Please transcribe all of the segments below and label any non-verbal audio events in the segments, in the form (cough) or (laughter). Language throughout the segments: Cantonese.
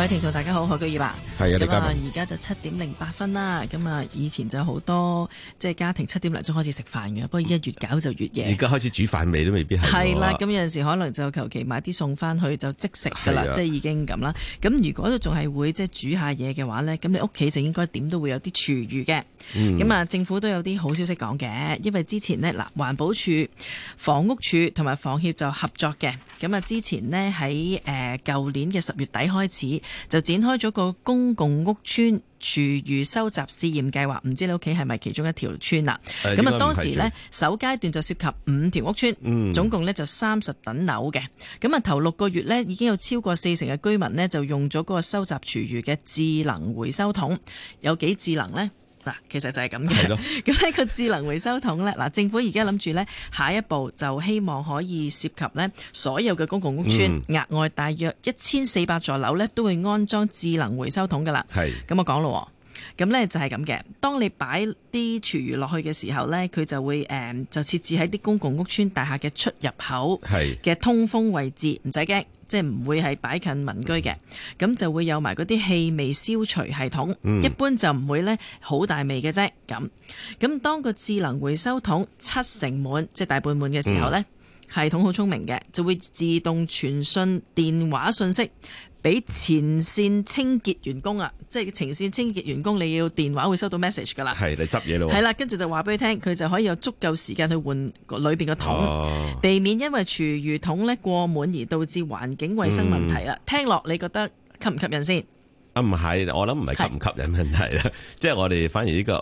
各位聽眾，大家好，海居二吧。係啊，而家現在就七點零八分啦。咁啊，以前就好多即係、就是、家庭七點零鐘就開始食飯嘅。不過依家越搞就越夜，而家開始煮飯未都未必係。係啦，咁有陣時候可能就求其買啲餸翻去就即食噶啦，即係已經咁啦。咁如果都仲係會即係、就是、煮下嘢嘅話咧，咁你屋企就應該點都會有啲廚餘嘅。咁、嗯、啊，政府都有啲好消息講嘅，因為之前呢，嗱，環保署、房屋署同埋房協就合作嘅。咁啊，之前呢，喺誒舊年嘅十月底開始。就展開咗個公共屋邨廚餘收集試驗計劃，唔知你屋企係咪其中一條村啦？咁啊，當時呢，首階段就涉及五條屋邨，總共呢就三十等樓嘅。咁、嗯、啊，頭六個月呢，已經有超過四成嘅居民呢就用咗嗰個收集廚餘嘅智能回收桶，有幾智能呢？嗱，其實就係咁嘅。咁呢個智能回收桶呢，嗱，政府而家諗住呢，下一步就希望可以涉及呢所有嘅公共屋邨，額外大約一千四百座樓呢都會安裝智能回收桶噶啦、嗯。係咁我講咯，咁呢就係咁嘅。當你擺啲廚餘落去嘅時候呢，佢就會誒、嗯、就設置喺啲公共屋邨大廈嘅出入口嘅通風位置，唔使驚。即係唔會係擺近民居嘅，咁就會有埋嗰啲氣味消除系統，嗯、一般就唔會呢好大味嘅啫。咁咁當個智能回收桶七成滿，即係大半滿嘅時候呢、嗯、系統好聰明嘅，就會自動傳訊電話訊息。俾前線清潔員工啊，即係前線清潔員工，你要電話會收到 message 噶啦，係你執嘢咯，係啦，跟住就話俾佢聽，佢就可以有足夠時間去換裏邊嘅桶，哦，避免因為廚餘桶咧過滿而導致環境衛生問題啦，嗯。聽落你覺得吸唔吸引先？啊，唔係，我諗唔係吸唔吸引問題啦，即係我哋反而呢，這個誒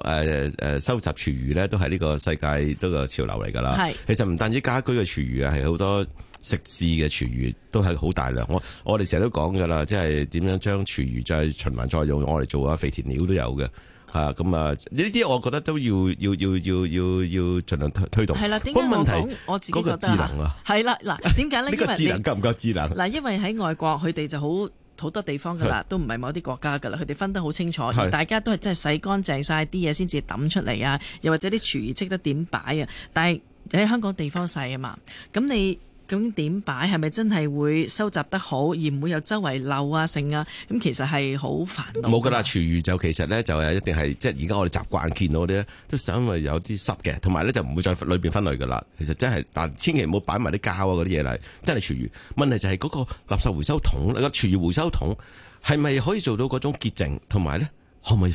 誒、呃，收集廚餘咧都係呢個世界都個潮流嚟噶啦。係，其實唔單止家居嘅廚餘啊，係好多。食肆嘅廚餘都係好大量，我我哋成日都講噶啦，即係點樣將廚餘再循環再用，我哋做下肥田料都有嘅嚇。咁啊，呢啲我覺得都要要要要要要盡量推推動。係啦，點解我講我自己覺得啦？係啦，嗱，點解咧？呢個智能夠唔夠智能？嗱，因為喺外國佢哋就好好多地方噶啦，都唔係某啲國家噶啦，佢哋分得好清楚，而大家都係真係洗乾淨晒啲嘢先至抌出嚟啊，又或者啲廚餘識得點擺啊。但係喺香港地方細啊嘛，咁你。咁點擺係咪真係會收集得好，而唔會有周圍漏啊、剩啊？咁其實係好煩。冇噶啦，廚餘就其實咧就一定係即係而家我哋習慣見到嗰啲咧，都因為有啲濕嘅，同埋咧就唔會再裏面分類噶啦。其實真係，但千祈唔好擺埋啲膠啊嗰啲嘢嚟，真係廚餘。問題就係嗰個垃圾回收桶，嗰個廚餘回收桶係咪可以做到嗰種潔淨，同埋咧可唔可以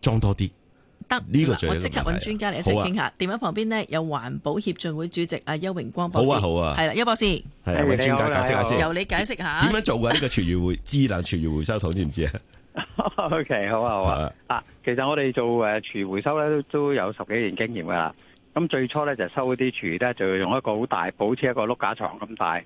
裝多啲？呢、這個最的、啊，我即刻揾專家嚟一齊傾下。電話、啊、旁邊呢，有環保協進會主席阿、啊、邱榮光博士，好啊好啊，係啦邱博士，係專家解釋下先，由你解釋下點樣做嘅呢個廚餘會智能廚餘回收桶知唔知啊？OK 好啊好啊，啊，其實我哋做誒廚回收咧都都有十幾年經驗噶啦。咁最初咧就收啲廚餘咧，就用一個好大，好似一個碌架床咁大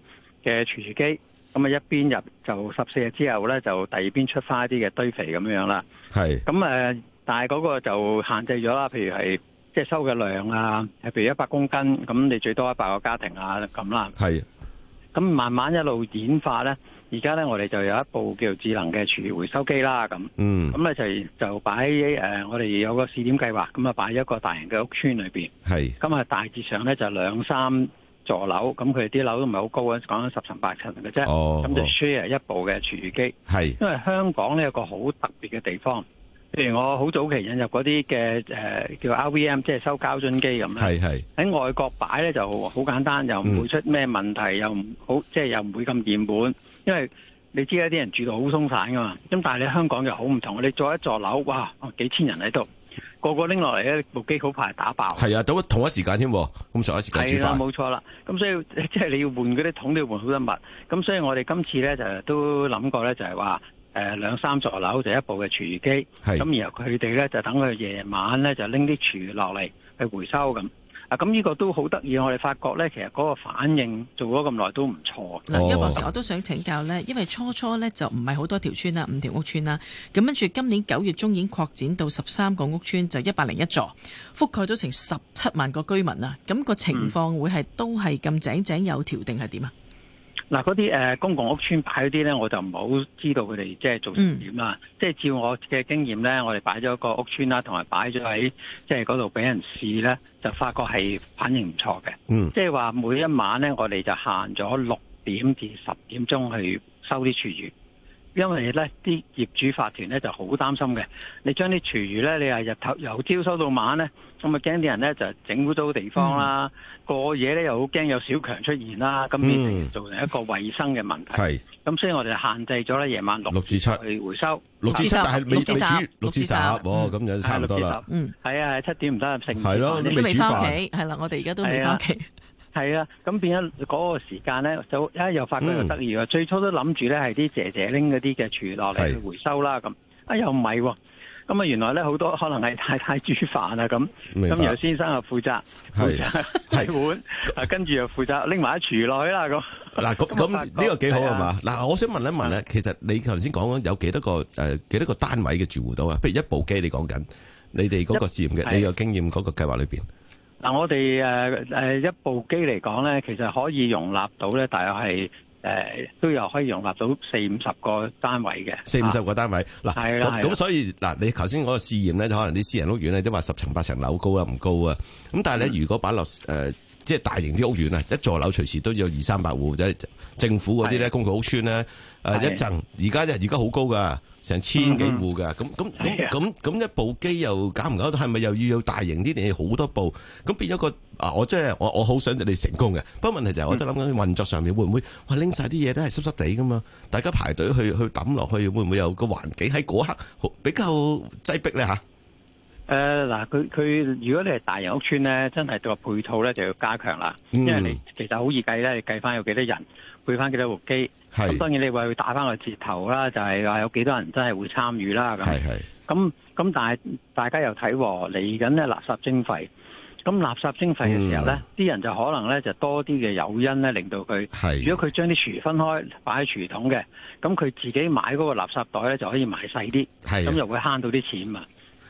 嘅廚餘機。咁啊一邊入就十四日之後咧，就第二邊出翻一啲嘅堆肥咁樣樣啦。係咁誒。但係嗰個就限制咗啦，譬如係即係收嘅量啊，譬如一百公斤，咁你最多一百個家庭啊咁啦。係。咁慢慢一路演化呢，而家呢，我哋就有一部叫做智能嘅廚餘回收機啦，咁，嗯，咁咧就就擺誒、呃，我哋有個試點計劃，咁啊擺一個大型嘅屋村裏邊。係。咁啊大致上呢，就兩三座樓，咁佢啲樓都唔係好高嘅，講緊十層八層嘅啫。咁、哦、就 share 一部嘅廚餘機。係。因為香港呢，有個好特別嘅地方。譬如我好早期引入嗰啲嘅誒叫 RVM，即係收膠樽機咁係係喺外國擺咧就好簡單，又唔會出咩問題，嗯、又唔好即係又唔會咁佔本，因為你知啦，啲人住到好鬆散噶嘛。咁但係你香港就好唔同，你坐一座樓，哇，幾千人喺度，個個拎落嚟咧部機好怕打爆。係啊，到同一時間添、啊，咁同一時間煮飯係啦，冇、啊、錯啦。咁所以即係你要換嗰啲桶都要換好多物。咁所以我哋今次咧就都諗過咧，就係話。誒兩三座樓就一部嘅廚餘機，咁然後佢哋呢就等佢夜晚呢就拎啲廚餘落嚟去回收咁。啊，咁、這、呢個都好得意，我哋發覺呢其實嗰個反應做咗咁耐都唔錯。嗱、哦，邱博士我都想請教呢，因為初初呢就唔係好多條村啦，五條屋村啦，咁跟住今年九月中已經擴展到十三個屋村，就一百零一座，覆蓋咗成十七萬個居民啦咁、那個情況會係、嗯、都係咁井井有條定係點啊？嗱，嗰啲誒公共屋邨擺嗰啲咧，我就唔好知道佢哋即係做成點啦。即係、嗯、照我嘅經驗咧，我哋擺咗個屋邨啦，同埋擺咗喺即係嗰度俾人試咧，就發覺係反應唔錯嘅。嗯、即係話每一晚咧，我哋就行咗六點至十點鐘去收啲廚餘。因為咧啲業主法團咧就好擔心嘅，你將啲廚餘咧，你係日頭由朝收到晚咧，咁啊驚啲人咧就整污糟地方啦，嗯、過夜咧又好驚有小強出現啦，咁變成造成一個衛生嘅問題。係、嗯，咁所以我哋限制咗咧，夜晚六六至七去回收，六至七，但係未至3，未，未煮六至十，哦，咁就差唔多啦。啊、至 3, 嗯，係啊，七點唔得，係七點。係咯、啊，你都未煮飯？係啦、啊，我哋而家都未翻屋企。 (laughs) 係啊，咁變咗嗰個時間咧，就一又發覺又得意喎。最初都諗住咧係啲姐姐拎嗰啲嘅廚餘嚟去回收啦，咁啊又唔係喎。咁啊原來咧好多可能係太太煮飯啊咁，咁由先生又負責係洗碗，啊跟住又負責拎埋啲廚餘落去啦咁。嗱咁咁呢個幾好係嘛？嗱，我想問一問咧，其實你頭先講有幾多個誒幾多個單位嘅住戶到啊？譬如一部機你講緊，你哋嗰個試驗嘅你個經驗嗰個計劃裏邊。嗱，我哋誒誒一部機嚟講咧，其實可以容納到咧，大概係誒都有可以容納到四五十個單位嘅，四五十個單位。嗱，咁咁所以嗱，你頭先嗰個試驗咧，就可能啲私人屋苑咧都話十層八層樓高啊，唔高啊。咁但係咧，如果擺落誒。即係大型啲屋苑啊，一座樓隨時都有二三百戶，即係政府嗰啲咧，公共屋邨咧，呃，一陣而家就而家好高㗎，成千幾戶㗎，咁咁咁咁咁一部機又搞唔搞到？係咪又要有大型啲定好多部？咁變咗個啊！我即係我我好想你成功嘅，不過問題就係我都諗緊運作上面會唔會哇拎晒啲嘢都係濕濕地㗎嘛？大家排隊去去抌落去，會唔會有個環境喺嗰刻比較擠迫咧吓？誒、呃，嗱，佢佢如果你係大型屋邨咧，真係對話配套咧就要加強啦，嗯，因為你其實好易計咧，你計翻有幾多人，配翻幾多部機，咁當然你為佢打翻個折頭啦，就係、是，話有幾多人真係會參與啦，咁咁咁，但係大家又睇喎嚟緊咧垃圾徵費，咁垃圾徵費嘅時候咧，啲、嗯、人就可能咧就多啲嘅誘因咧令到佢，如果佢將啲廚分開擺喺廚桶嘅，咁佢自己買嗰個垃圾袋咧就可以買細啲，咁又、啊，會慳到啲錢嘛。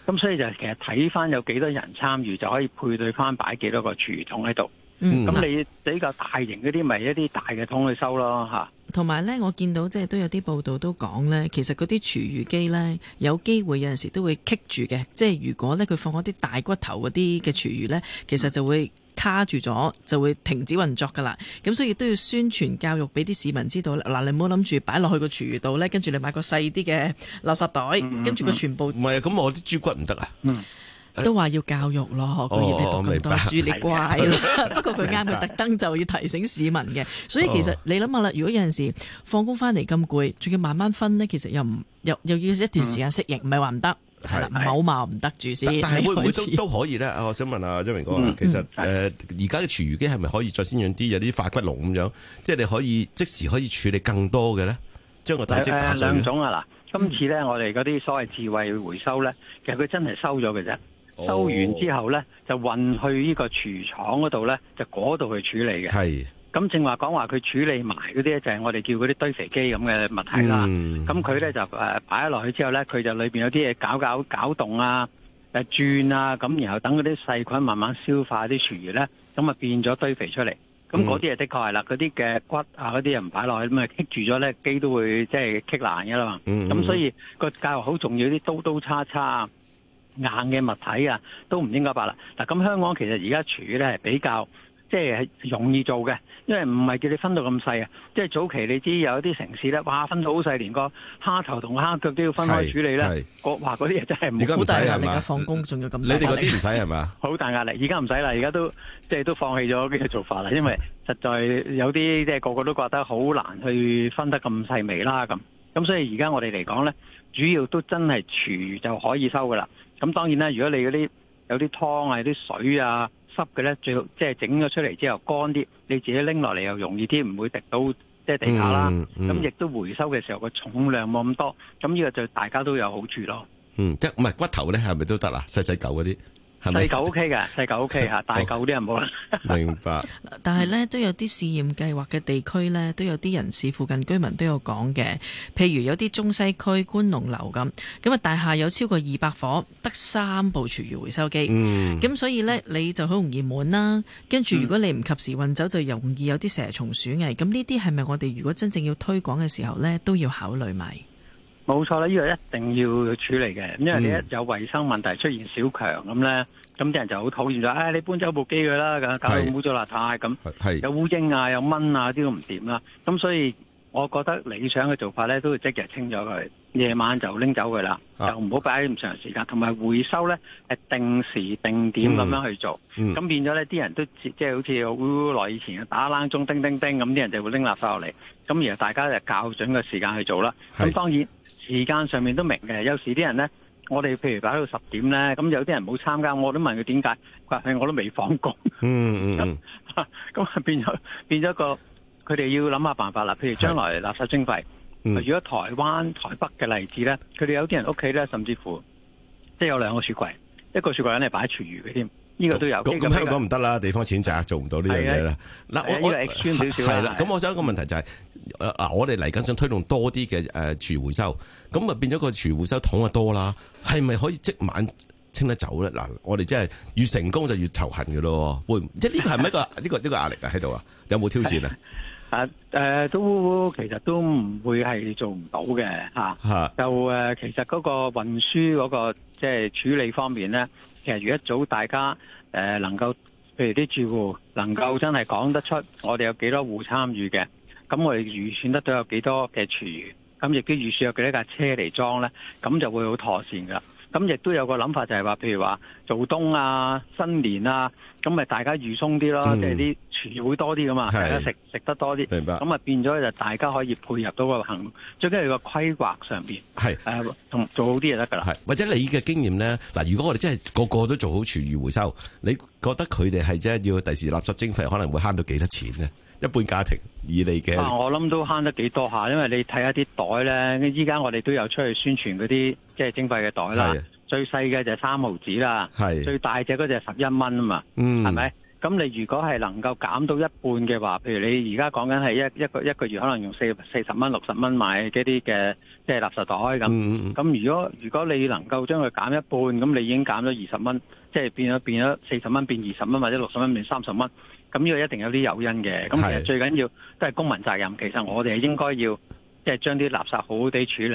咁所以就其實睇翻有幾多人參與，就可以配對翻擺幾多個廚餘桶喺度。咁、嗯、你比較大型嗰啲，咪、就是、一啲大嘅桶去收咯嚇。同埋咧，我見到即係都有啲報道都講咧，其實嗰啲廚餘機咧，有機會有陣時都會棘住嘅。即係如果咧佢放嗰啲大骨頭嗰啲嘅廚餘咧，其實就會，嗯卡住咗就會停止運作噶啦，咁所以都要宣傳教育俾啲市民知道。嗱、啊，你唔好諗住擺落去個廚餘度咧，跟住你買個細啲嘅垃圾袋，嗯嗯嗯跟住個全部。唔、嗯、係、嗯，咁我啲豬骨唔得啊。都話要教育咯、那個。哦，明多樹你乖啦，不過佢啱佢特登就要提醒市民嘅。所以其實你諗下啦，如果有陣時放工翻嚟咁攰，仲要慢慢分呢。其實又唔又又要一段時間適應，唔係話唔得。係好貌唔得住先，但係會唔會都都可以咧？我想問下張明哥啊、嗯，其實誒，而家嘅廚餘機係咪可以再先進啲，有啲化骨龍咁樣，即係你可以即時可以處理更多嘅咧？將個大積打上兩種、呃呃、啊！嗱，今次咧我哋嗰啲所謂智慧回收咧，其實佢真係收咗嘅啫，收完之後咧就運去呢個廚廠嗰度咧，就嗰度去，去處理嘅。咁正話講話佢處理埋嗰啲咧，就係我哋叫嗰啲堆肥機咁嘅物體啦。咁佢咧就誒擺咗落去之後咧，佢就裏邊有啲嘢搞搞搞動啊、誒轉啊，咁然後等嗰啲細菌慢慢消化啲廚餘咧，咁啊變咗堆肥出嚟。咁嗰啲嘢，的確係啦，嗰啲嘅骨啊嗰啲嘢唔擺落去，咁啊棘住咗咧機都會即係棘爛噶啦嘛。咁、就是嗯、所以、個教育好重要，啲刀刀叉叉、啊、硬嘅物體啊，都唔應該擺啦。嗱咁香港其實而家廚餘咧係比較。即係容易做嘅，因為唔係叫你分到咁細啊！即係早期你知有啲城市咧，哇，分到好細，連個蝦頭同蝦腳都要分開處理咧。我嗰啲嘢真係好大壓力啊！放工仲要咁，你哋嗰啲唔使係嘛？好大壓力，而家唔使啦，而家都即係都放棄咗呢個做法啦。因為實在有啲即係個個都覺得好難去分得咁細微啦。咁咁所以而家我哋嚟講咧，主要都真係廚餘就可以收噶啦。咁當然啦，如果你嗰啲有啲湯啊、有啲水啊。濕嘅咧，最好即係整咗出嚟之後乾啲，你自己拎落嚟又容易啲，唔會滴到即係地下啦。咁、嗯嗯、亦都回收嘅時候個重量冇咁多，咁呢個就大家都有好處咯。嗯，即係唔係骨頭咧，係咪都得啦？細細嚿嗰啲。細九 OK 嘅，細九 OK 吓，大九啲人冇啦。明白。 (laughs) 但係呢都有啲試驗計劃嘅地區呢，都有啲人士、附近居民都有講嘅。譬如有啲中西區觀龍樓咁，咁啊大廈有超過二百伙，得三部廚餘回收機。咁、嗯、所以呢，你就好容易滿啦。跟住如果你唔及時運走，就容易有啲蛇蟲鼠蟻。咁呢啲係咪我哋如果真正要推廣嘅時候呢，都要考慮埋？冇錯啦，呢個一定要處理嘅，因為你一有衛生問題出現小強咁咧，咁、嗯、啲人就好討厭咗，唉、哎，你搬走部機佢啦，咁搞到污糟邋遢咁，有烏蠅啊，有蚊啊，啲都唔掂啦，咁所以我覺得理想嘅做法咧，都會即日清咗佢。夜晚就拎走佢啦、啊，就唔好擺咁長時間。同埋回收呢，係定時定點咁樣去做，咁、嗯嗯、變咗呢啲人都即係好似好耐以前打冷鐘叮叮叮咁，啲人就會拎垃圾落嚟。咁而家大家就校準個時間去做啦。咁當然時間上面都明嘅。有時啲人呢，我哋譬如擺到十點呢，咁有啲人冇參加，我都問佢點解？佢話係我都未放工。嗯咁咁、嗯、 (laughs) 變咗變咗個，佢哋要諗下辦法啦。譬如將來垃圾徵費。嗯、如果台灣台北嘅例子咧，佢哋有啲人屋企咧，甚至乎即係有兩個雪櫃，一個雪櫃咧係擺廚餘嘅添，呢個都有。咁、嗯、香港唔得啦，地方淺窄，做唔到呢樣嘢啦。嗱、啊，我、這個、我係穿少少。係、啊、啦，咁我想一個問題就係、是嗯，啊，我哋嚟緊想推動多啲嘅誒廚回收，咁啊變咗個廚回收桶啊多啦，係咪可以即晚清得走咧？嗱、啊，我哋真係越成功就越頭痕嘅咯。會，即係呢個係咪一個呢、 (laughs) 這個呢、這個壓力啊喺度啊？有冇挑戰啊？ (laughs) 啊，呃、都其實都唔會係做唔到嘅、啊、 (noise) 就、呃、其實嗰個運輸嗰、那個即係、就是、處理方面咧，其實如果一早大家誒、呃、能夠，譬如啲住戶能夠真係講得出，我哋有幾多戶參與嘅，咁我哋預算得到有幾多嘅廚餘，咁亦都預算有幾多架車嚟裝咧，咁就會好妥善噶。咁亦都有個諗法，就係話，譬如話做冬啊、新年啊，咁咪大家預鬆啲咯，即係啲廚餘會多啲噶嘛，大家食食得多啲，咁啊變咗就大家可以配合到個行動，最緊要個規劃上面，係，同做好啲就得㗎啦。或者你嘅經驗咧，嗱，如果我哋真係個個都做好廚餘回收，你覺得佢哋係真係要第時垃圾徵費可能會慳到幾多錢咧？一半家庭以嚟嘅、啊，我諗都慳得幾多下，因為你睇下啲袋呢。依家我哋都有出去宣傳嗰啲即係徵費嘅袋啦。最細嘅就三毫紙啦，最大隻嗰就十一蚊啊嘛，係、嗯、咪？咁你如果係能夠減到一半嘅話，譬如你而家講緊係一一個一個月可能用四四十蚊、六十蚊買嗰啲嘅即係垃圾袋咁，咁、嗯、如果如果你能夠將佢減一半，咁你已經減咗二十蚊，即、就、係、是、變咗變咗四十蚊變二十蚊，或者六十蚊變三十蚊。咁、這、呢個一定有啲誘因嘅，咁其實最緊要都係公民責任。其實我哋應該要即係將啲垃圾好好地處理。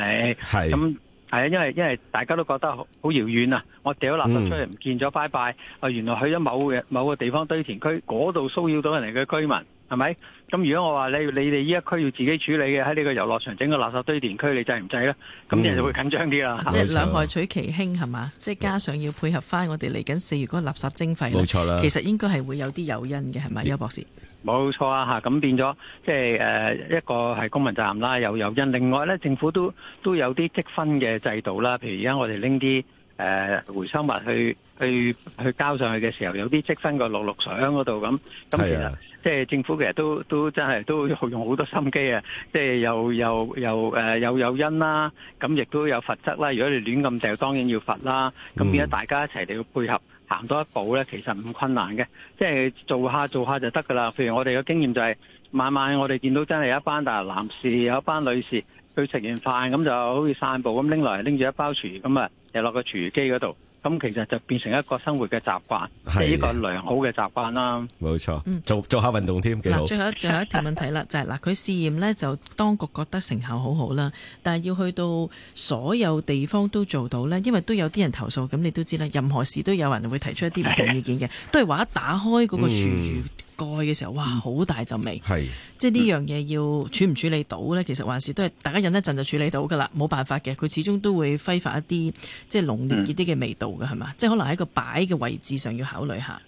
咁係啊，因為因為大家都覺得好遙遠啊，我掉咗垃圾出嚟唔、嗯、見咗，拜拜。啊，原來去咗某嘅某個地方堆填區，嗰度騷擾到人哋嘅居民。係咪？咁如果我話你，你哋呢一區要自己處理嘅，喺呢個遊樂場整個垃圾堆填區，你制唔制咧？咁人就會緊張啲啦。即係兩害取其輕，係嘛？即係加上要配合翻我哋嚟緊四月嗰個垃圾徵費。冇錯啦。其實應該係會有啲誘因嘅，係咪，邱博士？冇錯啊！吓咁變咗，即係誒，一個係公民責任啦，又有誘因。另外咧，政府都都有啲積分嘅制度啦。譬如而家我哋拎啲誒回收物去去去交上去嘅時候，有啲積分個綠綠賞嗰度咁。係啊。即、就、係、是、政府其實都都真係都用好多心機啊！即係又又又誒又有因、呃、啦，咁亦都有罰則啦。如果你亂咁就當然要罰啦。咁變咗大家一齊嚟配合行多一步咧，其實唔困難嘅。即、就、係、是、做下做下就得噶啦。譬如我哋嘅經驗就係、是，晚晚我哋見到真係一班大男士，有班女士去食完飯咁就好似散步咁拎嚟拎住一包廚咁啊，又落個廚餘機嗰度。咁其實就變成一個生活嘅習慣，係一個良好嘅習慣啦。冇錯，嗯、做做下運動添好。嗱，最後最後一條問題啦， (laughs) 就係、是、嗱，佢試驗呢，就當局覺得成效好好啦，但係要去到所有地方都做到呢，因為都有啲人投訴，咁你都知啦，任何事都有人會提出一啲唔同意見嘅， (laughs) 都係話一打開嗰個廚蓋嘅時候，哇，好大陣味。係、嗯，即係呢樣嘢要處唔處理到咧、嗯，其實還是都係大家忍一陣就處理到噶啦，冇辦法嘅。佢始終都會揮發一啲即係濃烈啲嘅味道嘅，係、嗯、嘛？即係可能喺個擺嘅位置上要考慮下。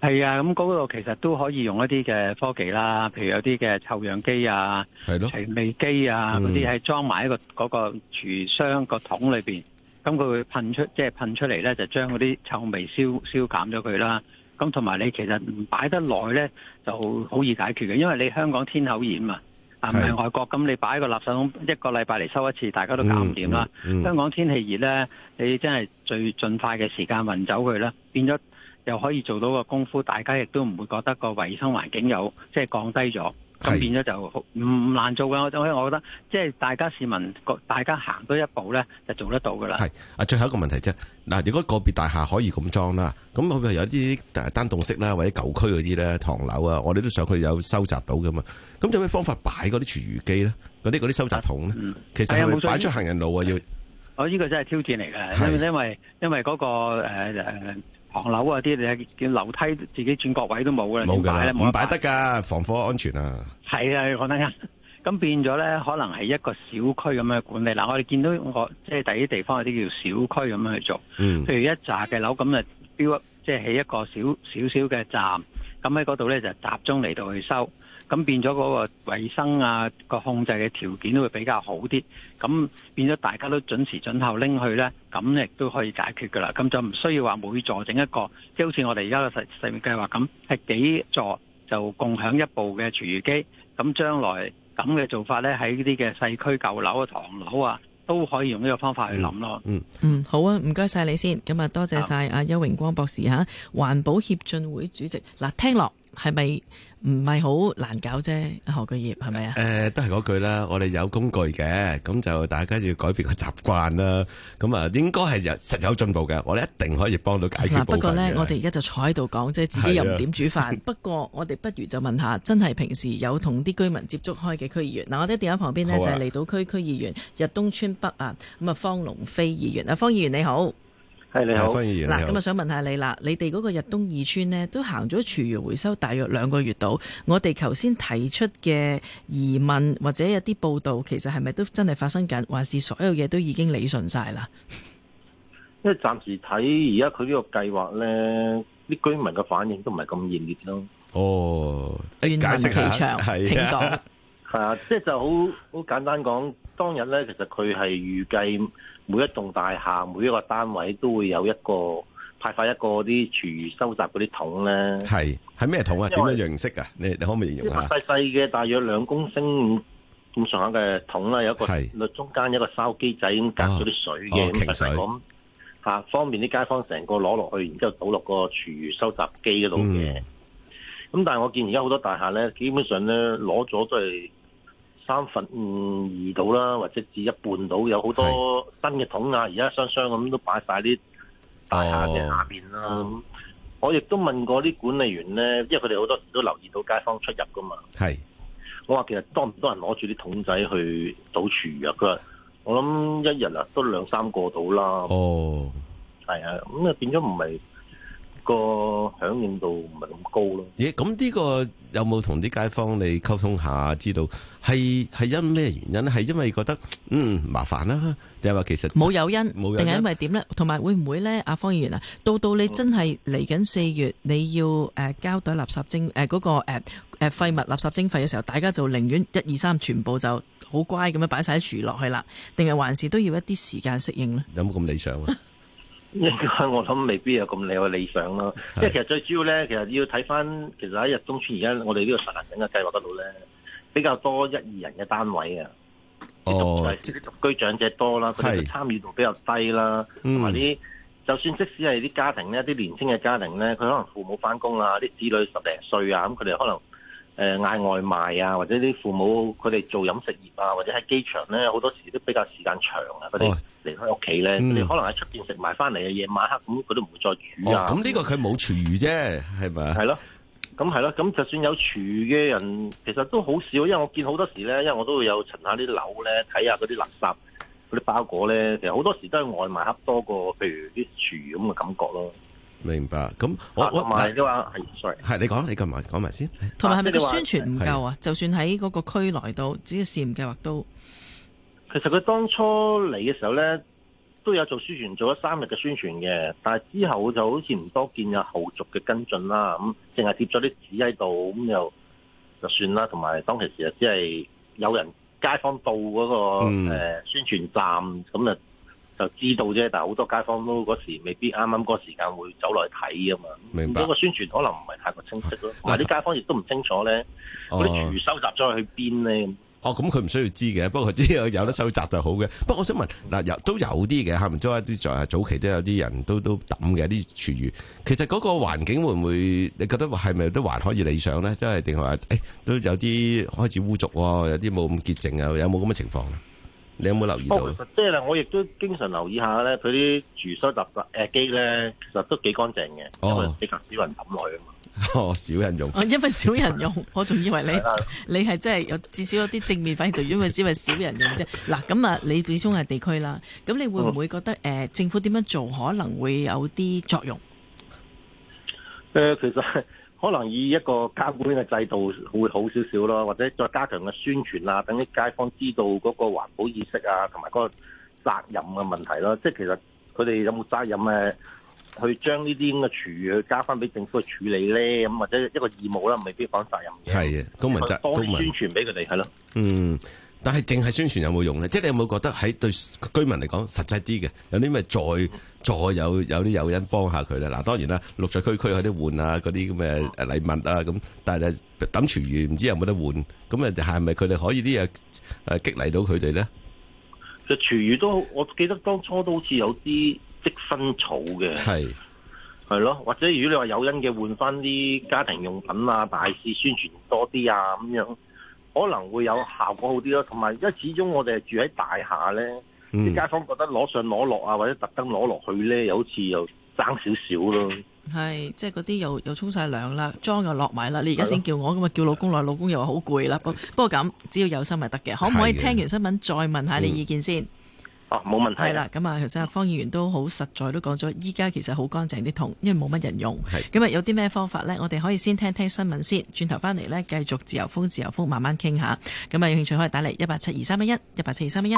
係啊，咁嗰度其實都可以用一啲嘅科技啦，譬如有啲嘅臭氧機啊、除味機啊嗰啲，係、嗯、裝埋喺、嗰個嗰、嗰個廚箱個桶裏邊，咁佢會噴出，即、就、係、係、噴出嚟咧，就將嗰啲臭味消消減咗佢啦。咁同埋你其實唔擺得耐呢就好易解決嘅，因為你香港天口熱嘛，唔係外國咁，你擺一個垃圾桶一個禮拜嚟收一次，大家都搞唔掂啦。香港天氣熱呢，你真係最盡快嘅時間運走佢啦，變咗又可以做到個功夫，大家亦都唔會覺得個衛生環境有即係降低咗。咁變咗就好唔難做嘅，我所以我覺得，即係大家市民，個大家行多一步咧，就做得到噶啦。係啊，最後一個問題啫。嗱，如果個別大廈可以咁裝啦，咁佢有啲單棟式啦，或者舊區嗰啲咧，唐樓啊，我哋都想佢有收集到噶嘛。咁有咩方法擺嗰啲廚餘機咧？嗰啲嗰啲收集桶咧？其實擺出行人路啊，要。哦，呢個真係挑戰嚟嘅，因為因為因為嗰個誒。房樓嗰啲，你見樓梯自己轉角位都冇噶冇唔擺唔擺得噶，防火安全啊！係啊，講得啊。咁變咗咧，可能係一個小區咁樣管理。嗱、啊，我哋見到我即係第一啲地方有啲叫小區咁樣去做，嗯、譬如一紮嘅樓咁啊，標即係起一個少少少嘅站，咁喺嗰度咧就集中嚟到去收。咁變咗嗰個衛生啊個控制嘅條件都會比較好啲，咁變咗大家都準時準候拎去呢，咁亦都可以解決噶啦，咁就唔需要話每座整一個，即好似我哋而家嘅試驗計劃咁，係幾座就共享一部嘅廚餘機，咁將來咁嘅做法呢，喺呢啲嘅細區舊樓啊、唐樓啊，都可以用呢個方法去諗咯。嗯嗯，好啊，唔該晒你先，今日多謝晒阿邱榮光博士吓，啊，環保協進會主席。嗱、啊，聽落。係咪唔係好難搞啫？何居業係咪啊？誒、呃，都係嗰句啦。我哋有工具嘅，咁就大家要改變個習慣啦。咁啊，應該係實有進步嘅。我哋一定可以幫到解決、嗯。不過呢，我哋而家就坐喺度講啫，即自己又唔點煮飯。啊、不過我哋不如就問一下，真係平時有同啲居民接觸開嘅區議員。嗱， (laughs) 我哋電話旁邊呢，就係離島區區議員逸東邨北啊，咁啊方龍飛議員。啊，方議員你好。係你好，嗱咁啊，想問下你啦，你哋嗰個逸東邨呢，都行咗廚餘回收大約兩個月度，我哋頭先提出嘅疑問或者一啲報道，其實係咪都真係發生緊，還是所有嘢都已經理順晒啦？因為暫時睇而家佢呢個計劃呢，啲居民嘅反應都唔係咁熱烈咯。哦，願聞其詳，程度係啊，即係、啊、就好、是、好簡單講，當日呢，其實佢係預計。每一棟大廈，每一個單位都會有一個派發一個啲廚餘收集嗰啲桶咧。係係咩桶啊？點樣形式噶、啊？你你可唔可以形容下？細細嘅，大約兩公升咁上下嘅桶啦，有一個，中間一個燒機仔咁隔咗啲水嘅，唔係咁吓，方便啲街坊成個攞落去，然之後倒落個廚餘收集機嗰度嘅。咁、嗯、但係我見而家好多大廈咧，基本上咧攞咗都係。三分五二到啦，或者至一半到，有好多新嘅桶啊！而家一箱箱咁都擺晒啲大廈嘅下邊啦、哦。我亦都問過啲管理員呢，因為佢哋好多時都留意到街坊出入噶嘛。係，我話其實多唔多人攞住啲桶仔去倒廚啊？佢話我諗一日啊，都兩三個到啦。哦，係啊，咁啊變咗唔係。個響應度唔係咁高咯，咦？咁呢個有冇同啲街坊你溝通下，知道係係因咩原因咧？係因為覺得嗯麻煩啦？定係話其實冇誘因，冇定係因為點咧？同埋會唔會咧？阿方議員啊，到到你真係嚟緊四月，你要誒交袋垃圾徵誒嗰個誒誒廢物垃圾徵費嘅時候，大家就寧願一二三全部就好乖咁樣擺晒喺廚落去啦？定係還是都要一啲時間適應咧？有冇咁理想啊？應該我諗未必有咁有理，理想咯，即係其實最主要咧，其實要睇返，其實喺逸東邨而家我哋呢個十人整嘅計劃嗰度咧，比較多一二人嘅單位啊，獨居獨居長者多啦，佢哋參與度比較低啦，同埋啲就算即使係啲家庭咧，啲年輕嘅家庭咧，佢可能父母返工啊，啲子女十零歲啊，咁佢哋可能。誒、呃，嗌外賣啊，或者啲父母佢哋做飲食業啊，或者喺機場咧，好多時都比較時間長啊，佢哋離開屋企咧，你、嗯、可能喺出邊食埋翻嚟嘅夜晚黑咁佢都唔會再煮啊。咁、哦、呢個佢冇廚餘啫，係咪？係咯，咁係咯，咁就算有廚餘嘅人，其實都好少，因為我見好多時咧，因為我都會有巡下啲樓咧，睇下嗰啲垃圾，嗰啲包裹咧，其實好多時都係外賣盒多過，譬如啲廚餘咁嘅感覺咯。明白，咁我我嗱，係你講，你講埋講埋先。同埋係咪個宣傳唔夠啊？就算喺嗰個區來到，只要試驗計劃都。其實佢當初嚟嘅時候咧，都有做宣傳，做咗三日嘅宣傳嘅，但係之後就好似唔多見有後續嘅跟進啦。咁淨係貼咗啲紙喺度，咁又就算啦。同埋當其時啊，只係有人街坊到嗰個誒宣傳站咁啊。嗯就知道啫，但好多街坊都嗰時未必啱啱嗰個時間會走嚟睇啊嘛。明白。咁個宣傳可能唔係太過清晰咯，但、啊、啲街坊亦都唔清楚咧。嗰、啊、啲廚餘收集咗去邊咧？哦，咁佢唔需要知嘅。不過佢知有得收集就好嘅。不過我想問嗱、嗯，有都有啲嘅，下唔再一啲係早期都有啲人都都抌嘅啲廚餘。其實嗰個環境會唔會你覺得係咪都還可以理想咧？即係定係話誒都有啲開始污濁喎，有啲冇咁潔淨啊？有冇咁嘅情況？你有冇留意到？即係我亦都經常留意下咧，佢啲廚餘垃圾誒機咧,其實都幾乾淨嘅，因為比較少人抌落去啊嘛。少、哦 (laughs) 哦、少人用。 (laughs) 哦、因為少人用，我仲以為你 (laughs) 你係真係有至少有啲正面反應，就因為因為少人用啫。嗱，咁啊，你始終係地區啦，咁你，你會唔會覺得誒、呃，政府點樣做可能會有啲作用？誒、呃，其實。可能以一個監管嘅制度會好少少咯，或者再加強嘅宣傳啊，等啲街坊知道嗰個環保意識啊，同埋個責任嘅問題咯。即係其實佢哋有冇責任誒，去將呢啲咁嘅廚餘去加翻俾政府去處理咧？咁或者一個義務啦，未必講責任嘅。係啊，公民責。多啲宣傳俾佢哋，係咯。嗯。但係淨係宣傳有冇用咧？即係你有冇覺得喺對居民嚟講實際啲嘅？有啲咩再再有有啲誘因幫下佢咧？嗱，當然啦，綠在區區有啲換啊，嗰啲咁嘅禮物啊咁，但係等廚餘唔知有冇得換？咁啊係咪佢哋可以啲嘢誒激勵到佢哋咧？其實廚餘都，我記得當初都好似有啲積分儲嘅，係係咯，或者如果你話誘因嘅換翻啲家庭用品啊、大肆宣傳多啲啊咁樣。可能會有效果好啲咯，同埋因為始終我哋住喺大廈呢，啲、嗯、街坊覺得攞上攞落啊，或者特登攞落去呢，又好似又爭少少咯。係，即係嗰啲又又沖晒涼啦，裝又落埋啦，你而家先叫我咁啊，叫老公啦，老公又話好攰啦。不不過咁，只要有心咪得嘅，可唔可以聽完新聞再問下你意見先？冇問題。係啦，咁啊，其實阿方議員都好實在，都講咗，依家其實好乾淨啲桶，因為冇乜人用。係，咁啊，有啲咩方法呢？我哋可以先聽聽新聞先，轉頭翻嚟呢，繼續自由風自由風，慢慢傾下。咁啊，有興趣可以打嚟一八七二三一一，一八七二三一一。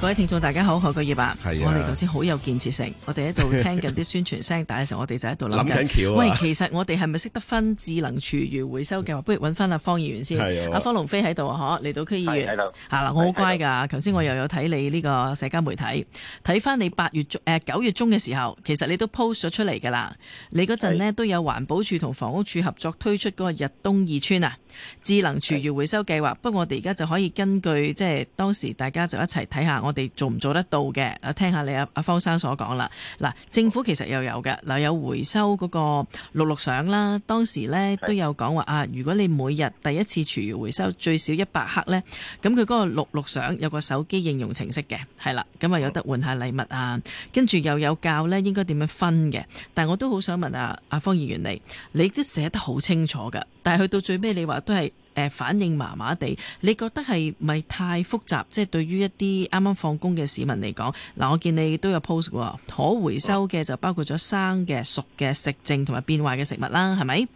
各位聽眾，大家好，何國業啊！我哋頭先好有建設性， (laughs) 我哋喺度聽緊啲宣傳聲 (laughs) 但嘅時候我，我哋就喺度諗緊巧、啊。喂，其實我哋係咪識得分智能廚餘回收計劃？不如揾翻阿方議員先。阿、啊、方龍飛喺度嚟到區議員。係我、啊、好乖㗎！頭先我又有睇你呢個社交媒體，睇翻你八月，呃、月中、九月中嘅時候，其實你都 post 咗出嚟㗎啦。你嗰陣呢、啊、都有環保署同房屋署合作推出嗰個逸東二邨啊智能廚餘回收計劃。啊、不過我哋而家就可以根據即係當時大家就一齊睇下我哋做唔做得到嘅？啊，聽下你阿、啊、阿方生所講啦。嗱，政府其實又有嘅嗱，有回收嗰個六六相啦。當時呢都有講話啊，如果你每日第一次廚餘回收最少一百克呢，咁佢嗰個六六相有個手機應用程式嘅係啦，咁啊有得換下禮物啊，跟住又有教呢應該點樣分嘅。但係我都好想問阿、啊、阿方議員你，你都寫得好清楚㗎。但係去到最尾，你話都係反應麻麻地，你覺得係咪太複雜？即係對於一啲啱啱放工嘅市民嚟講，嗱，我見你都有 post 喎，可回收嘅就包括咗生嘅、熟嘅、食剩同埋變壞嘅食物啦，係咪？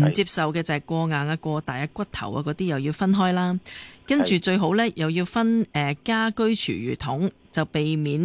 唔接受嘅就係過硬啊、過大啊、骨頭啊嗰啲，又要分開啦。跟住最好呢，又要分誒、呃、家居廚餘桶，就避免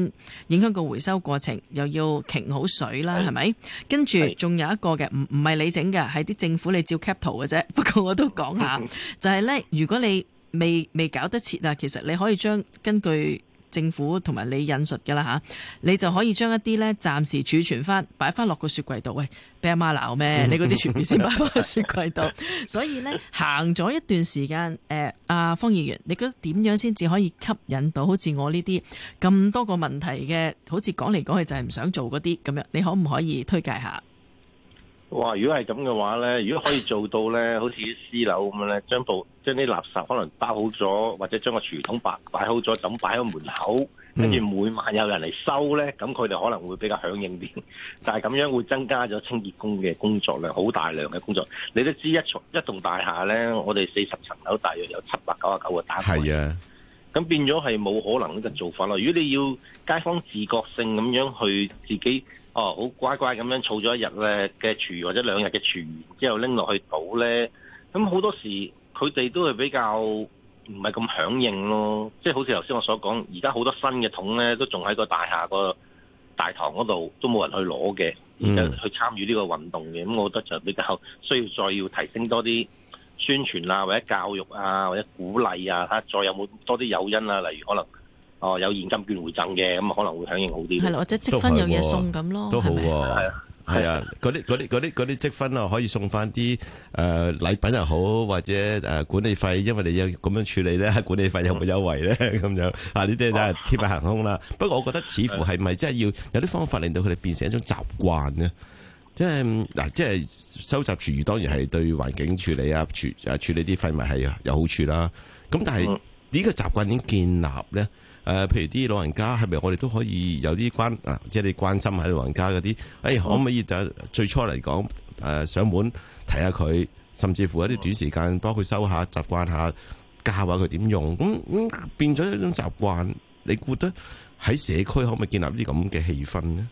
影響個回收過程，又要擎好水啦，係咪？跟住仲有一個嘅，唔唔係你整嘅，係啲政府你照 cap 圖嘅啫。不過我都講下，就係、是、呢，如果你未未搞得切啊，其實你可以將根據。政府同埋你引述㗎啦吓，你就可以將一啲呢，暫時儲存翻，擺翻落個雪櫃度。喂，俾阿媽鬧咩？你嗰啲全部先擺翻雪櫃度。 (laughs) 所以呢，行咗一段時間，誒、啊，阿方議員，你覺得點樣先至可以吸引到像我這些？好似我呢啲咁多個問題嘅，好似講嚟講去就係唔想做嗰啲咁樣，你可唔可以推介下？哇！如果係咁嘅話咧，如果可以做到咧，好似啲私樓咁樣咧，將部將啲垃圾可能包好咗，或者將個廚桶擺擺好咗，等擺喺門口，跟、嗯、住每晚有人嚟收咧，咁佢哋可能會比較響應啲。但係咁樣會增加咗清潔工嘅工作量，好大量嘅工作。你都知一一棟大廈咧，我哋四十層樓，大約有七百九啊九個單位。係啊，咁變咗係冇可能呢個做法咯。如果你要街坊自覺性咁樣去自己。哦，好乖乖咁樣儲咗一日咧嘅廚餘或者兩日嘅廚餘之後拎落去倒咧，咁好多時佢哋都係比較唔係咁響應咯。即係好似頭先我所講，而家好多新嘅桶咧都仲喺個大廈個大堂嗰度，都冇人去攞嘅，而去參與呢個運動嘅。咁我覺得就比較需要再要提升多啲宣傳啊，或者教育啊，或者鼓勵啊，睇下再有冇多啲誘因啊，例如可能。哦，有現金券回贈嘅，咁、嗯、可能會響應好啲。係啦，或者積分有嘢送咁咯。都好係啊，係嗰啲嗰啲嗰啲嗰啲積分啊，分可以送翻啲誒禮品又好，或者誒、呃、管理費，因為你要咁樣處理咧，管理費有冇優惠咧？咁 (laughs) 樣啊，呢啲都下天馬行空啦、啊。不過我覺得似乎係咪真係要有啲方法令到佢哋變成一種習慣咧？即係嗱，即、就、係、是啊就是、收集廚餘，當然係對環境處理啊，處處理啲廢物係有好處啦。咁但係呢個習慣點建立咧。誒、呃，譬如啲老人家，係咪我哋都可以有啲關，即係你關心喺老人家嗰啲，誒、哎、可唔可以就最初嚟講，誒、呃、上門睇下佢，甚至乎一啲短時間幫佢收下、習慣下，教下佢點用，咁、嗯嗯、變咗一種習慣，你覺得喺社區可唔可以建立啲咁嘅氣氛呢？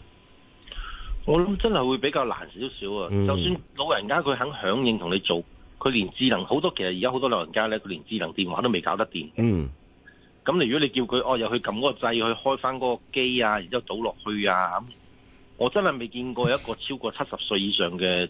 我諗真係會比較難少少啊！就算老人家佢肯響應同你做，佢連智能好多，其實而家好多老人家咧，佢連智能電話都未搞得掂。嗯。咁你如果你叫佢哦，又去撳個掣去開翻個機啊，然之後倒落去啊，咁我真係未見過一個超過七十歲以上嘅。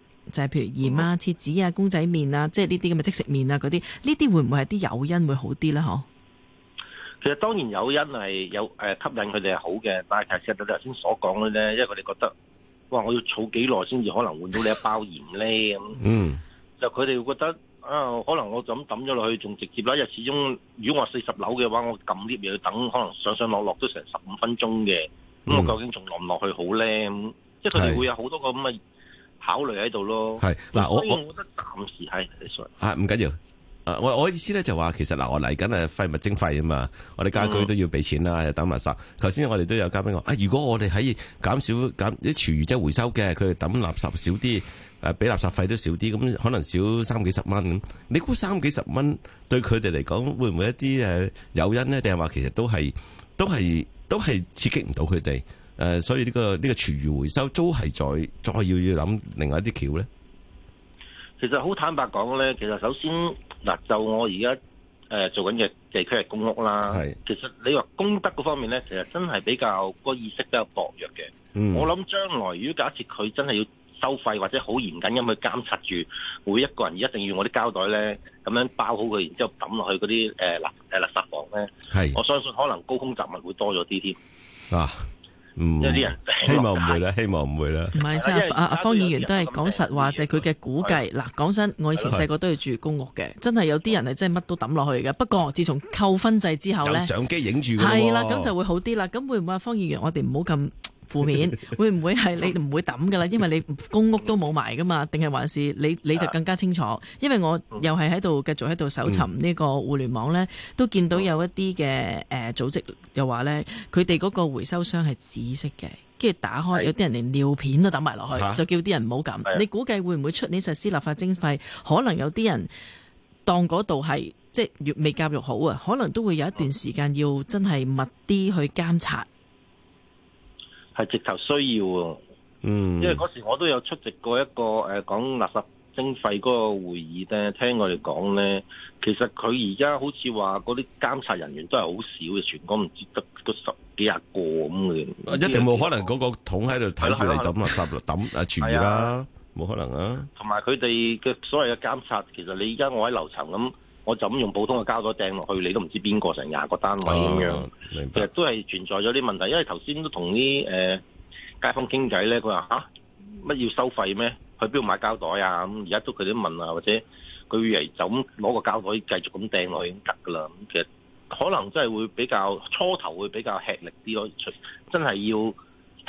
就係、是、譬如鹽啊、切、嗯、紙啊、公仔麵啊，即係呢啲咁嘅即食麵啊，嗰啲呢啲會唔會係啲誘因會好啲咧？嗬？其實當然誘因係有誒、呃、吸引佢哋係好嘅，但係其實你頭先所講嘅咧，因為佢哋覺得，哇！我要儲幾耐先至可能換到你一包鹽咧咁。嗯。就佢哋會覺得啊、呃，可能我咁抌咗落去仲直接啦，因為始終如果我四十樓嘅話，我撳 lift 又要等，可能上上落落都成十五分鐘嘅。咁、嗯、我究竟仲落唔落去好咧？咁即係佢哋會有好多個咁嘅。考慮喺度咯，係嗱，我我，覺得暫時係，唔緊要。我我意思咧就話，其實嗱，我嚟緊誒廢物徵費啊嘛，我哋家居都要俾錢啦，又抌垃圾。頭先我哋都有嘉賓話，啊，如果我哋可以減少減啲廚餘即係回收嘅，佢哋抌垃圾少啲，誒，俾垃圾費都少啲，咁可能少三幾十蚊。咁你估三幾十蚊對佢哋嚟講會唔會一啲誒誘因呢？定係話其實都係都係都係刺激唔到佢哋？誒，所以呢個呢個廚餘回收，都係再再要要諗另外一啲橋咧。其實好坦白講咧，其實首先嗱，就我而家誒做緊嘅地區係公屋啦。係，其實你話公德嗰方面咧，其實真係比較個意識比較薄弱嘅。嗯。我諗將來如果假設佢真係要收費或者好嚴謹咁去監察住每一個人一定要用我啲膠袋咧，咁樣包好佢，然之後抌落去嗰啲誒垃、誒垃圾房咧。係。我相信可能高空雜物會多咗啲添。啊。嗯，有啲人希望唔會啦，希望唔會啦。唔係，即係阿阿方議員都係講實話，就係佢嘅估計。嗱的，講真，我以前細個都要住公屋嘅，真係有啲人係真係乜都抌落去嘅。不過自從扣分制之後咧，相機影住係啦，咁就會好啲啦。咁會唔會啊方議員，我哋唔好咁？負 (laughs) 面會唔會係你唔會抌㗎啦？因為你公屋都冇埋噶嘛，定係還是你你就更加清楚？因為我又係喺度繼續喺度搜尋呢個互聯網呢都見到有一啲嘅誒組織又話呢，佢哋嗰個回收箱係紫色嘅，跟住打開有啲人連尿片都抌埋落去，就叫啲人唔好咁。你估計會唔會出年實施立法徵費？可能有啲人當嗰度係即係未教育好啊，可能都會有一段時間要真係密啲去監察。係直頭需要，嗯，因為嗰時我都有出席過一個誒講、呃、垃圾徵費嗰個會議咧，聽我哋講咧，其實佢而家好似話嗰啲監察人員都係好少嘅，全港唔知得個十幾廿個咁嘅。一定冇可能嗰個桶喺度睇住你抌垃圾嚟，抌啊，全啦。冇可能啊。同埋佢哋嘅所謂嘅監察，其實你而家我喺樓層咁。我就咁用普通嘅膠袋掟落去，你都唔知邊個成廿個單位咁、啊、樣，其實都係存在咗啲問題。因為頭先都同啲誒街坊傾偈咧，佢話嚇乜要收費咩？去邊度買膠袋啊？咁而家都佢哋問啊，或者佢以為就咁攞個膠袋繼續咁掟落去已經得噶啦。咁其實可能真係會比較初頭會比較吃力啲咯，真係要。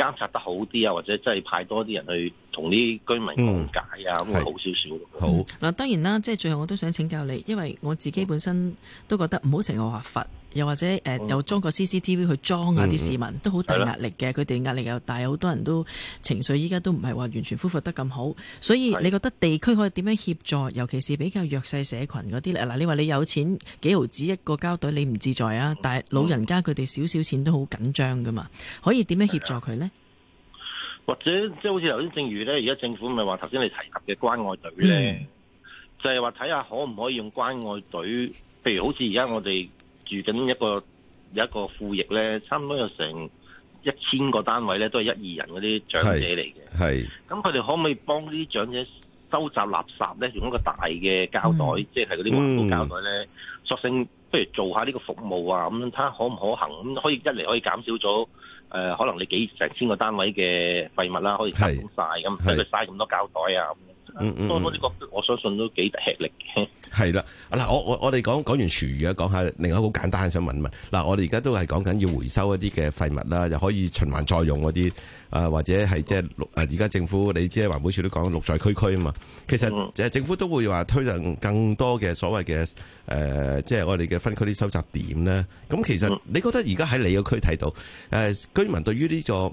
監察得好啲啊，或者真係派多啲人去同啲居民講解啊，咁、嗯、好少少好嗱，當然啦，即係最後我都想請教你，因為我自己本身都覺得唔好成日話罰。又或者誒，又、呃嗯、裝個 CCTV 去裝下啲市民、嗯、都好大壓力嘅，佢哋壓力又大，好多人都情緒依家都唔係話完全恢復得咁好。所以你覺得地區可以點樣協助？尤其是比較弱勢社群嗰啲咧。嗱，你話你有錢幾毫子一個膠袋，你唔自在啊！嗯、但係老人家佢哋少少錢都好緊張噶嘛，可以點樣協助佢呢？或者即係好似頭先，正如咧，而家政府咪話頭先你提及嘅關愛隊咧、嗯，就係話睇下可唔可以用關愛隊，譬如好似而家我哋。住緊一個有一個副役咧，差唔多有成一千個單位咧，都係一二人嗰啲長者嚟嘅。係，咁佢哋可唔可以幫啲長者收集垃圾咧？用一個大嘅膠袋，嗯、即係嗰啲環保膠袋咧、嗯，索性不如做下呢個服務啊？咁樣睇下可唔可行？咁可以一嚟可以減少咗誒、呃，可能你幾成千個單位嘅廢物啦、啊，可以集中晒。咁，唔使佢嘥咁多膠袋啊。嗯嗯，我我哋我相信都幾吃力嘅。係啦，嗱，我我我哋講講完廚餘啊，講下另外一個好簡單嘅，想問一問。嗱，我哋而家都係講緊要回收一啲嘅廢物啦，又可以循環再用嗰啲啊，或者係即係六而家政府你知，環保署都講綠在區區啊嘛。其實即係政府都會話推行更多嘅所謂嘅誒，即、呃、係、就是、我哋嘅分區啲收集點咧。咁其實你覺得而家喺你個區睇到誒、呃，居民對於呢、這個誒誒、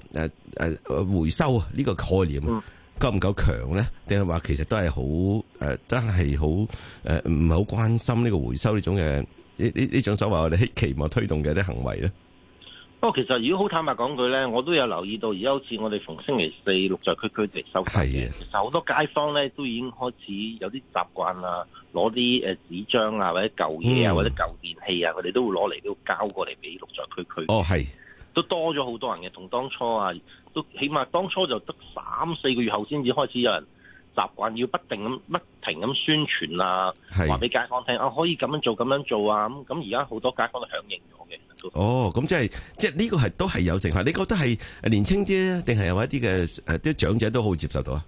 呃、回收呢個概念啊？嗯夠唔夠強咧？定係話其實都係好誒，真係好誒，唔係好關心呢個回收呢種嘅呢呢呢種所謂我哋期望推動嘅啲行為咧？不、哦、過其實如果好坦白講句咧，我都有留意到，而家好似我哋逢星期四綠在區區地收集，其實好多街坊咧都已經開始有啲習慣啦，攞啲誒紙張啊或者舊嘢啊或者舊電器啊，佢哋都會攞嚟都交過嚟俾綠在區區。哦，係。都多咗好多人嘅，同當初啊，都起碼當初就得三四個月後先至開始有人習慣，要不停咁不停咁宣傳啊，話俾街坊聽啊，可以咁樣做，咁樣做啊，咁咁而家好多街坊都響應咗嘅。哦，咁即係即係呢個係都係有成效。你覺得係年青啲定係有一啲嘅誒啲長者都好接受到啊？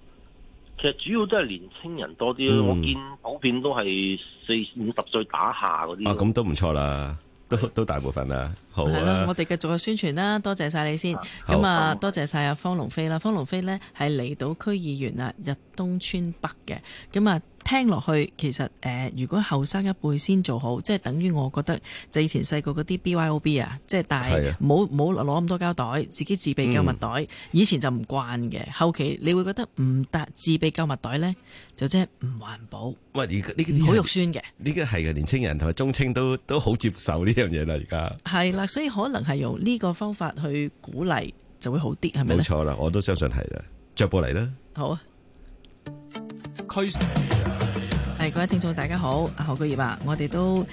其實主要都係年青人多啲、嗯、我見普遍都係四五十歲打下嗰啲啊，咁都唔錯啦。都，都大部分啦，好啦。我哋繼續嘅宣傳啦，多謝晒你先。咁啊好，多謝晒阿方龍飛啦。方龍飛呢係離島區議員啦，逸東邨北嘅。咁啊。聽落去，其實誒、呃，如果後生一輩先做好，即係等於我覺得，就以前細個嗰啲 B Y O B 啊，即係大，冇冇攞咁多膠袋，自己自備購物袋、嗯。以前就唔慣嘅，後期你會覺得唔帶自備購物袋呢，就即係唔環保。喂，呢好肉酸嘅呢個係嘅，年青人同埋中青都都好接受呢樣嘢啦，而家係啦，所以可能係用呢個方法去鼓勵，就會好啲，係咪？冇錯啦，我都相信係啦，着過嚟啦。好啊。係各位聽眾，大家好，何桂葉啊，我哋都。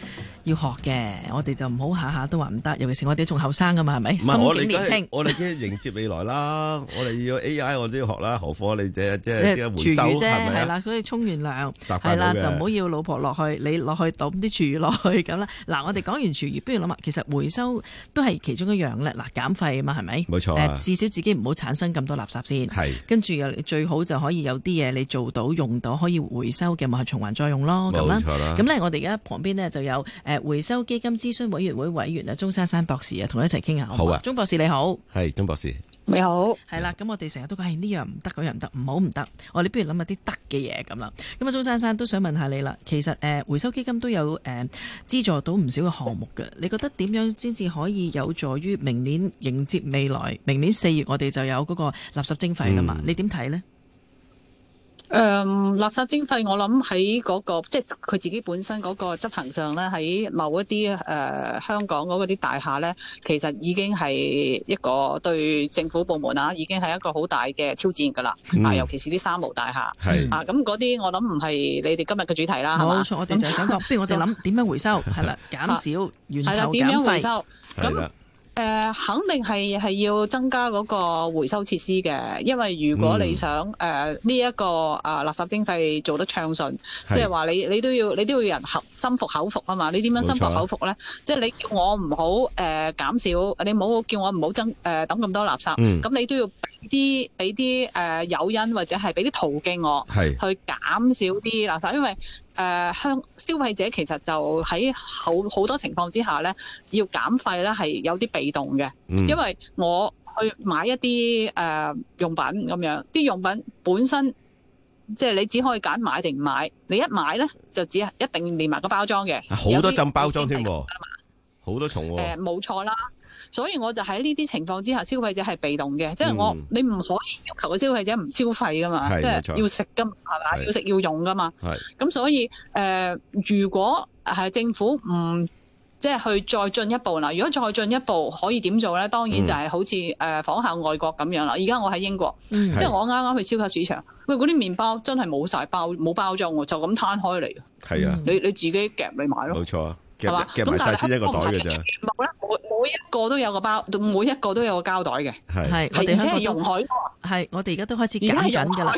要學嘅，我哋就唔好下下都話唔得，尤其是我哋仲後生噶嘛，係咪？唔係我哋，我哋啲 (laughs) 迎接未來啦， (laughs) 我哋要 A I 我都要學啦， (laughs) 何況你即即即回收啫，係啦，所以沖完涼係啦，就唔好要老婆落去，你落去抌啲廚餘落去咁啦。嗱，我哋講完廚餘，不如諗下，其實回收都係其中一樣咧。嗱，減費啊嘛，係咪？冇錯、啊呃、至少自己唔好產生咁多垃圾先。係。跟住又最好就可以有啲嘢你做到用到可以回收嘅，咪係循環再用咯。冇錯啦、啊。咁咧，啊、我哋而家旁邊咧就有誒。呃回收基金諮詢委員會委員啊，鍾姍姍博士啊，同我一齊傾下好啊。鐘博士你好，係鐘博士，你好係啦。咁我哋成日都講，係呢樣唔得，嗰樣唔得，唔好唔得。我哋不如諗下啲得嘅嘢咁啦。咁啊，鍾姍姍都想問下你啦。其實誒、呃，回收基金都有誒資、呃、助到唔少嘅項目㗎。你覺得點樣先至可以有助於明年迎接未來？明年四月我哋就有嗰個垃圾徵費㗎嘛。你點睇呢？誒、嗯、垃圾徵費，我諗喺嗰個，即係佢自己本身嗰個執行上咧，喺某一啲誒、呃、香港嗰啲大廈咧，其實已經係一個對政府部門啊，已經係一個好大嘅挑戰㗎啦、嗯。啊，尤其是啲三無大廈。啊，咁嗰啲我諗唔係你哋今日嘅主題啦。冇、嗯、錯，我哋就講講，不如我哋諗點樣回收，係 (laughs) 啦，減少源頭啦，點、啊、樣回收？咁誒肯定係係要增加嗰個回收設施嘅，因為如果你想誒呢一個啊垃圾徵費做得暢順，即係話你你都要你都要人口心服口服啊嘛，你點樣心服口服咧？啊、即係你叫我唔好誒減少，你冇叫我唔好增誒抌咁、呃、多垃圾，咁、嗯、你都要。啲俾啲誒誘因或者係俾啲途徑我，係去減少啲垃圾，因為誒香、呃、消費者其實就喺好好多情況之下咧，要減費咧係有啲被動嘅、嗯，因為我去買一啲誒、呃、用品咁樣，啲用品本身即係你只可以揀買定唔買，你一買咧就只係一定連埋個包裝嘅，好、啊、多浸包裝添喎，好、啊、多重喎、啊，冇、呃、錯啦。所以我就喺呢啲情況之下，消費者係被動嘅，即係我，嗯，你唔可以要求個消費者唔消費噶嘛，係即係要食噶，係嘛？係要食要用噶嘛。咁所以誒、呃，如果係政府唔即係去再進一步嗱，如果再進一步可以點做咧？當然就係好似誒、嗯呃、仿效外國咁樣啦。而家我喺英國，嗯、即係我啱啱去超級市場，喂，嗰啲麵包真係冇晒包冇包裝喎，就咁攤開嚟啊！係啊，你你自己夾你買咯。冇錯啊。埋晒先一個袋嘅係冇，每每一個都有個包，每一個都有個膠袋嘅。係係，而且溶海佢。係，我哋而家都開始揀緊噶啦。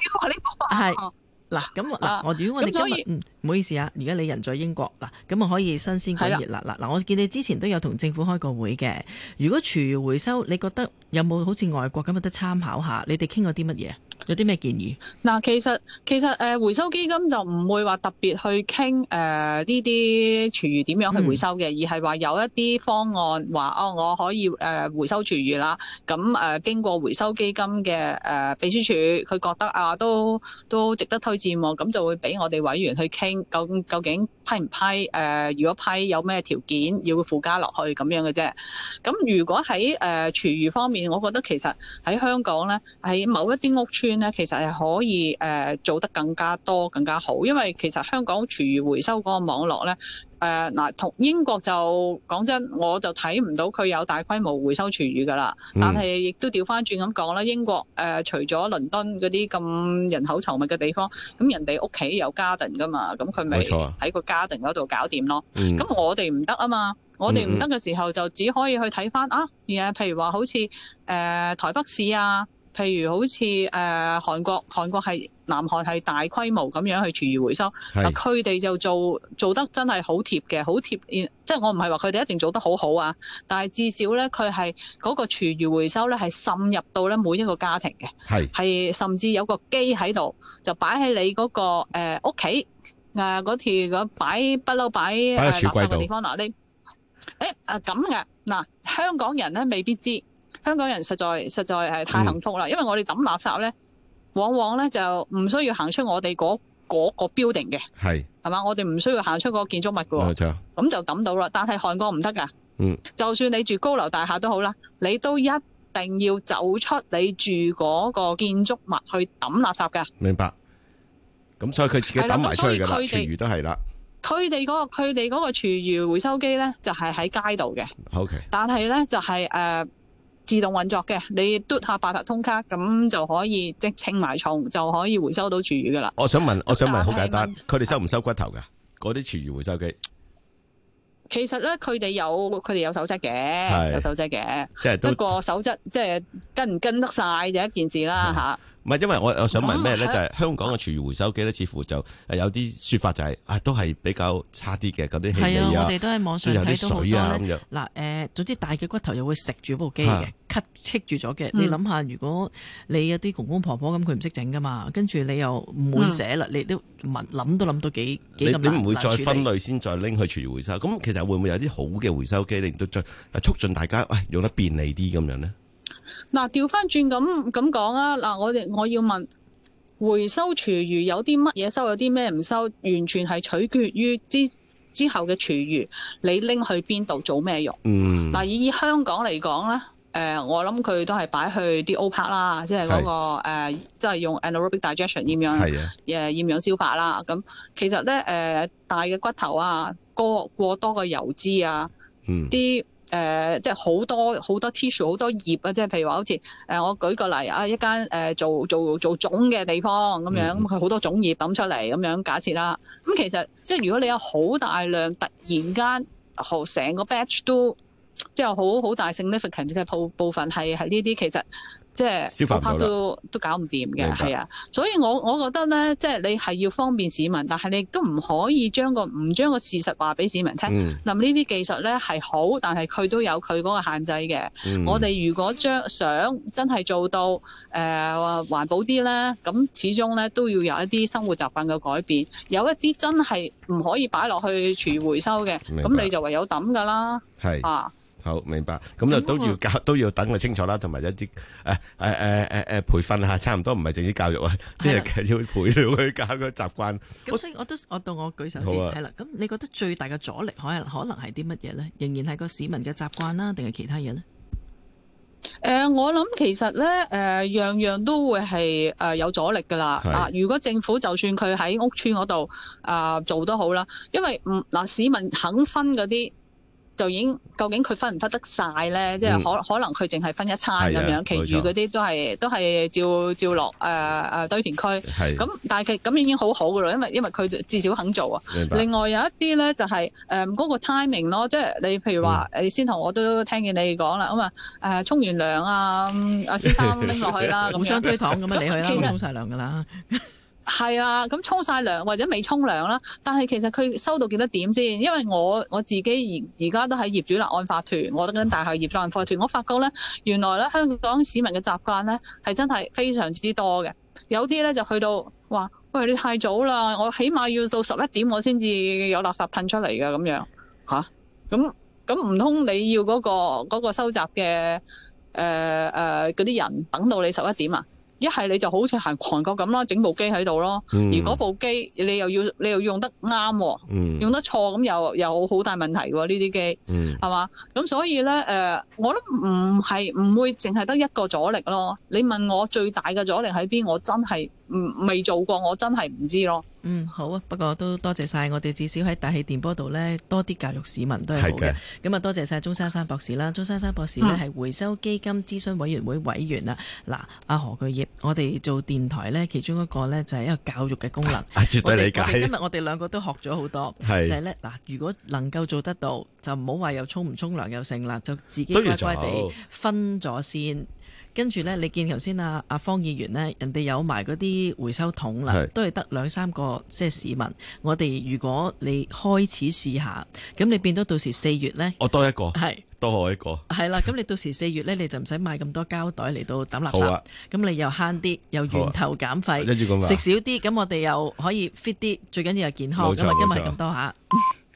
係嗱，咁嗱，我、啊、如果我哋今日唔，唔、好意思啊，而家你人在英國嗱，咁啊可以新鮮滾熱嗱嗱嗱，我見你之前都有同政府開過會嘅。如果廚餘回收，你覺得有冇好似外國咁有得參考下？你哋傾過啲乜嘢？有啲咩建議？嗱，其實其實誒回收基金就唔會話特別去傾誒呢啲廚餘點樣去回收嘅、嗯，而係話有一啲方案話哦，我可以誒、呃、回收廚餘啦。咁誒、呃、經過回收基金嘅誒、呃、秘書處，佢覺得啊都都值得推薦喎。咁就會俾我哋委員去傾，究竟究竟批唔批？誒、呃、如果批有咩條件要附加落去咁樣嘅啫。咁如果喺誒、呃、廚餘方面，我覺得其實喺香港咧，喺某一啲屋邨，咧其實係可以誒、呃、做得更加多、更加好，因為其實香港廚餘回收嗰個網絡咧誒嗱，同、呃、英國就講真，我就睇唔到佢有大規模回收廚餘噶啦。但係亦都調翻轉咁講啦，英國誒、呃、除咗倫敦嗰啲咁人口稠密嘅地方，咁人哋屋企有 garden 噶嘛，咁佢咪喺個 garden 嗰度搞掂咯。咁、啊、我哋唔得啊嘛，我哋唔得嘅時候就只可以去睇翻、嗯嗯、啊嘢，譬如話好似誒、呃、台北市啊。譬如好似誒、呃、韓國，韓國係南韓係大規模咁樣去廚餘回收，啊佢哋就做做得真係好貼嘅，好貼即係我唔係話佢哋一定做得好好啊，但係至少咧佢係嗰個廚餘回收咧係滲入到咧每一個家庭嘅，係甚至有個機喺度就、那個呃啊、擺喺你嗰個屋企啊嗰條咁擺不嬲擺誒垃圾桶嘅地方嗱你誒啊咁嘅，嗱香港人咧未必知。香港人實在實在係太幸福啦、嗯，因為我哋抌垃圾咧，往往咧就唔需要行出我哋嗰嗰個 building 嘅，係係嘛？我哋唔需要行出嗰個建築物冇錯喎，咁、嗯、就抌到啦。但係韓國唔得㗎，嗯，就算你住高樓大廈都好啦，你都一定要走出你住嗰個建築物去抌垃圾㗎！明白咁，所以佢自己抌埋出去嘅，廚餘都係啦。佢哋嗰個佢哋嗰個廚餘回收機咧，就係、是、喺街度嘅。Okay，但係咧就係、是、誒。呃自動運作嘅，你嘟下八達通卡，咁就可以即清埋重，就可以回收到廚餘㗎喇。我想問，我想問好簡單，佢哋收唔收骨頭㗎？嗰啲廚餘回收機，其實呢佢哋有佢哋有守則嘅，有守則嘅，即係不過守則即係跟唔跟得晒就一件事啦吓。嗯唔係，因為我我想問咩咧，就係香港嘅廚餘回收機咧，似乎就誒有啲說法就係啊，都係比較差啲嘅嗰啲氣味啊，會有啲水啊咁樣。嗱誒，總之大嘅骨頭又會食住部機嘅，吸積住咗嘅。你諗下，如果你有啲公公婆婆咁，佢唔識整㗎嘛，跟住你又唔會寫啦，你都問諗都諗到幾幾咁難處理。你唔會再分類先，再拎去廚餘回收？咁其實會唔會有啲好嘅回收機，令到再促進大家喂用得便利啲咁樣咧？嗱，調翻轉咁咁講啊！嗱，我哋我要問回收廚餘有啲乜嘢收，有啲咩唔收？完全係取決於之之後嘅廚餘，你拎去邊度做咩用？嗱、嗯，以香港嚟講咧，我諗佢都係擺去啲 O-PARK 啦，即係嗰個即係用 anaerobic digestion 咁樣，誒厭氧消化啦。咁其實咧、呃，大嘅骨頭啊，過過多嘅油脂啊，啲、嗯。誒、呃，即係好多好多 tissue 好多葉啊！即係譬如話，好似誒，我舉個例啊，一間誒、呃、做做做種嘅地方咁樣，咁佢好多種葉抌出嚟咁樣，假設啦。咁其實即係如果你有好大量突然間，好成個 batch 都即係好好大性 significant 嘅部部分係係呢啲，其實。即係，消防拍都都搞唔掂嘅，係啊，所以我我覺得咧，即係你係要方便市民，但係你都唔可以將個唔將個事實話俾市民聽。嗱、嗯，呢啲技術咧係好，但係佢都有佢嗰個限制嘅、嗯。我哋如果將想真係做到誒、呃、環保啲咧，咁始終咧都要有一啲生活習慣嘅改變。有一啲真係唔可以擺落去廚餘回收嘅，咁你就唯有抌㗎啦，係啊。好明白，咁就都要教，都要等佢清楚啦，同埋一啲誒誒誒誒誒培訓吓，差唔多唔係正式教育啊，即係要培養佢教佢習慣。咁所以我都我到我舉手先係啦。咁你覺得最大嘅阻力可能可能係啲乜嘢咧？仍然係個市民嘅習慣啦，定係其他嘢咧？誒、呃，我諗其實咧，誒、呃、樣樣都會係誒、呃、有阻力噶啦。啊、呃，如果政府就算佢喺屋村嗰度啊做都好啦，因為唔嗱、呃、市民肯分嗰啲。就已經究竟佢分唔分得晒咧？即係可可能佢淨係分一餐咁樣，其餘嗰啲都係都係照照落誒誒堆填區。咁但係其咁已經好好噶啦，因為因為佢至少肯做啊。另外有一啲咧就係誒嗰個 timing 咯，即係你譬如話誒先同我都聽見你講啦，咁啊，誒沖完涼啊，阿先生拎落去啦咁樣，推搪咁樣嚟去啦，沖曬涼噶啦。係啦、啊，咁沖晒涼或者未沖涼啦，但係其實佢收到幾多點先？因為我我自己而而家都喺業主立案法團，我都跟大廈業主立案法團，我發覺咧，原來咧香港市民嘅習慣咧係真係非常之多嘅，有啲咧就去到話，喂你太早啦，我起碼要到十一點我先至有垃圾褪出嚟㗎咁樣，嚇、啊？咁咁唔通你要嗰個嗰個收集嘅誒誒嗰啲人等到你十一點啊？一係你就好似行韓國咁囉，整部機喺度咯。如、嗯、果部機你又要你又用得啱、哦嗯，用得錯咁又有好大問題喎、哦。呢啲機係嘛？咁、嗯、所以咧誒、呃，我都唔係唔會淨係得一個阻力咯。你問我最大嘅阻力喺邊？我真係。未做過，我真係唔知咯。嗯，好啊，不過都多謝晒，我哋，至少喺大氣電波度呢，多啲教育市民都係好嘅。咁啊，多謝晒鍾姍姍博士啦。鍾姍姍博士呢係、嗯、回收基金諮詢委員會委員啊。嗱，阿何巨業，我哋做電台呢，其中一個呢就係、是、一個教育嘅功能。絕對理解。今日我哋兩個都學咗好多，就係、是、呢，嗱，如果能夠做得到，就唔好話又沖唔沖涼又剩啦，就自己乖乖地分咗先。跟住呢，你見頭先阿阿方議員呢，人哋有埋嗰啲回收桶啦，都係得兩三個即、係、市民。我哋如果你開始試下，咁你變到到時四月呢，我多一個，係多我一個，係啦。咁你到時四月呢，你就唔使買咁多膠袋嚟到抌垃圾，咁、 (laughs) 啊、你又慳啲，又源頭減廢，食少啲，咁我哋又可以 fit 啲，最緊要係健康。今日今日咁多下。 (laughs)